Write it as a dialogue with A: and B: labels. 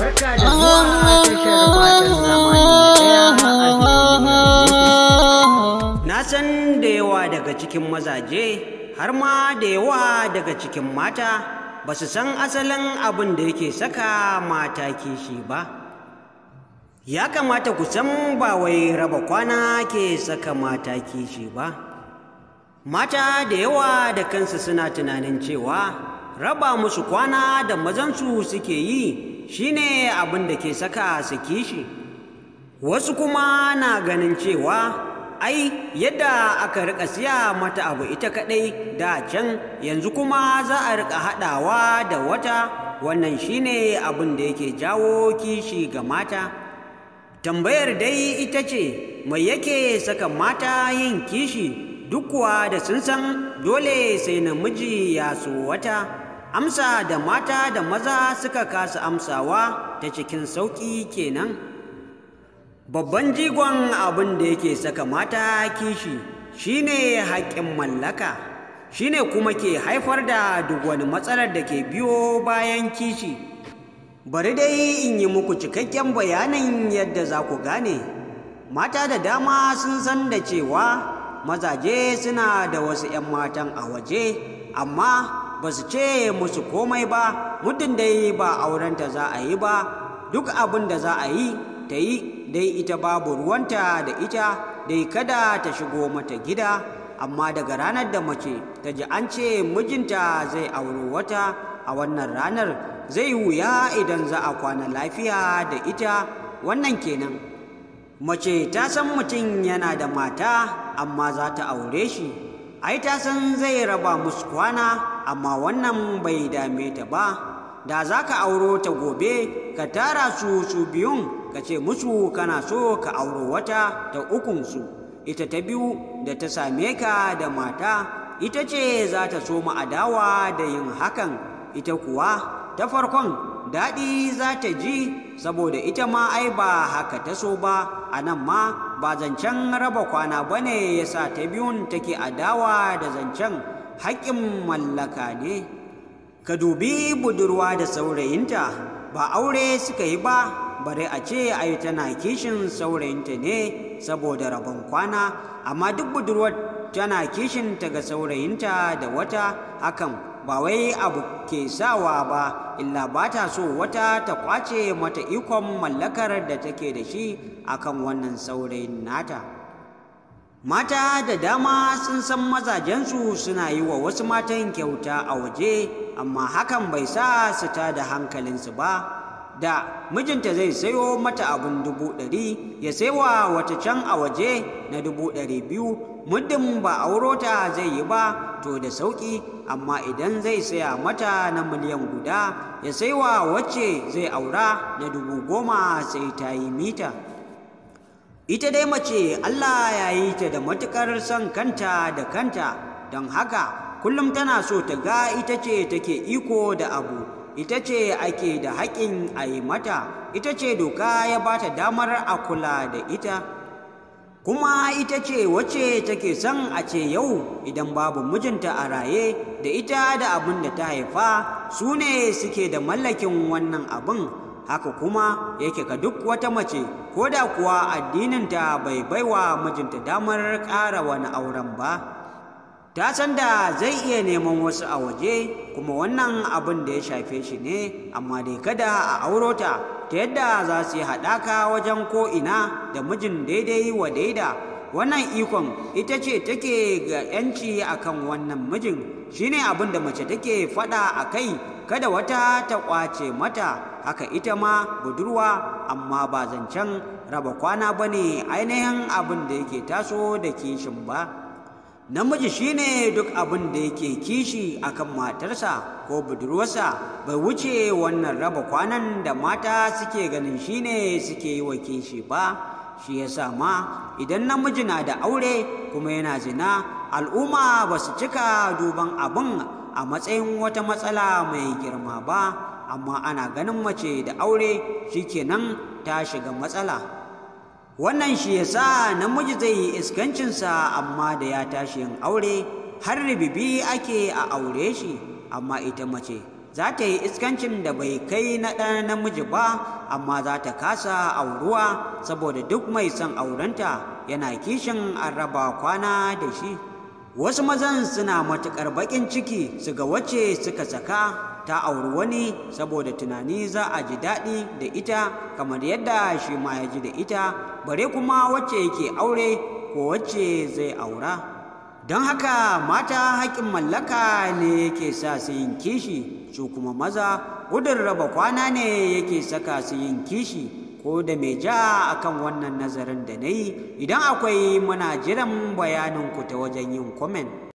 A: na san da yawa daga cikin mazaje har ma da yawa daga cikin mata ba su san asalin abin da yake saka mata kishi ba ya kamata ku san ba wai raba kwana ke saka mata kishi ba mata da yawa da kansu suna tunanin cewa raba musu kwana da mazansu suke yi Shi ne abin da ke saka su kishi wasu kuma na ganin cewa ai yadda aka rika siya mata abu ita kadai da can yanzu kuma za a rika hadawa da wata wannan shi ne abin da yake jawo kishi ga mata tambayar dai ita ce mai yake saka mata yin kishi duk kuwa da sun san dole sai namiji ya so wata amsa da mata da maza suka kasa amsawa ta cikin sauƙi kenan babban jigon abin da yake saka mata kishi shine haƙƙin mallaka shine kuma ke haifar da duk wani matsalar da ke biyo bayan kishi bari dai in yi muku cikakken bayanin yadda za ku gane mata da dama sun san da cewa mazaje suna da wasu 'yan matan a waje amma ba su ce musu komai ba muddin dai ba aurenta za a yi ba duk abin da za a yi ta yi dai ita babu ruwanta da ita dai kada ta shigo mata gida amma daga ranar da mace ta ji an ce mijinta zai auri wata a wannan ranar zai wuya idan za a kwana lafiya da ita wannan kenan mace ta san mutum yana da mata amma za ta aure shi ai ta san zai raba musu kwana amma wannan bai dame ta ba da za ka auro ta gobe ka tara su su biyun ka ce musu kana so ka auro wata ta ukunsu ita ta biyu da ta same ka da mata ita ce za ta so ma'adawa da yin hakan ita kuwa ta farkon daɗi za ta ji saboda ita ma ai ba haka ta so ba a nan ma ba zancen raba kwana ba ne ya sa ta biyun take adawa da zancen haƙƙin mallaka ne ka dubi budurwa da saurayinta ba aure suka yi ba bare a ce ai tana kishin saurayinta ne saboda rabon kwana amma duk budurwar tana kishin ta ga saurayinta da wata hakan ba wai abu ke sawa ba illa ba ta so wata ta kwace mata ikon mallakar da take da shi akan wannan saurayin nata mata da dama sun san mazajensu suna yi wa wasu matan kyauta a waje amma hakan bai sa su ta da hankalinsu ba da mijinta zai sayo mata abun dubu ɗari ya saiwa wata can a waje na dubu ɗari biyu muddin ba auro ta zai yi ba to da sauƙi amma idan zai saya mata na miliyan guda ya saiwa wacce zai aura na dubu goma sai ta yi mita ita dai mace allah ya yi ta da matuƙar son kanta da kanta don haka kullum tana so ta ga ita ce take iko da abu ita ce ake da haƙƙin a yi mata ita ce doka ya ba ta damar a kula da ita kuma ita ce wacce take son a ce yau idan babu mijinta a raye da ita da abin da ta haifa su ne suke da mallakin wannan abin haka kuma yake ga duk wata mace ko da kuwa addininta bai baiwa mijinta damar ƙara wani auren ba. ta san da zai iya neman wasu a waje kuma wannan abin da ya shafe shi ne amma dai kada a auro ta ta yadda za su yi haɗaka wajen ko'ina da mijin daidai wa daida wannan ikon ita ce take ga 'yanci akan wannan mijin shine abin da mace take faɗa a kai kada wata ta ƙwace mata haka ita ma budurwa amma ba zancen raba kwana ba ne ainihin abin da yake taso da kishin ba namiji shine duk abin da yake kishi akan matarsa ko budurwarsa bai wuce wannan raba kwanan da mata suke ganin shine suke yi wa kishi ba shi yasa ma idan namiji na da aure kuma yana zina al'umma ba su cika duban abin a matsayin wata matsala mai girma ba amma ana ganin mace da aure shikenan ta shiga matsala wannan shi ya sa namiji zai yi iskancinsa amma da ya tashi yin aure har ribibi ake a aure shi amma ita mace za ta yi iskancin da bai kai na ɗan namiji ba amma za ta kasa auruwa saboda duk mai son aurenta yana kishin an raba kwana da shi wasu mazan suna matuƙar baƙin ciki su ga wacce suka saka ta auri wani saboda tunani za a ji daɗi da ita kamar yadda shi ma ya ji da ita bare kuma wacce yake aure ko wacce zai aura don haka mata haƙƙin mallaka ne yake sa su yin kishi su kuma maza gudun raba kwana ne yake saka su yin kishi ko da mai ja kan wannan nazarin da na yi idan akwai muna jiran bayaninku ta wajen yin komen.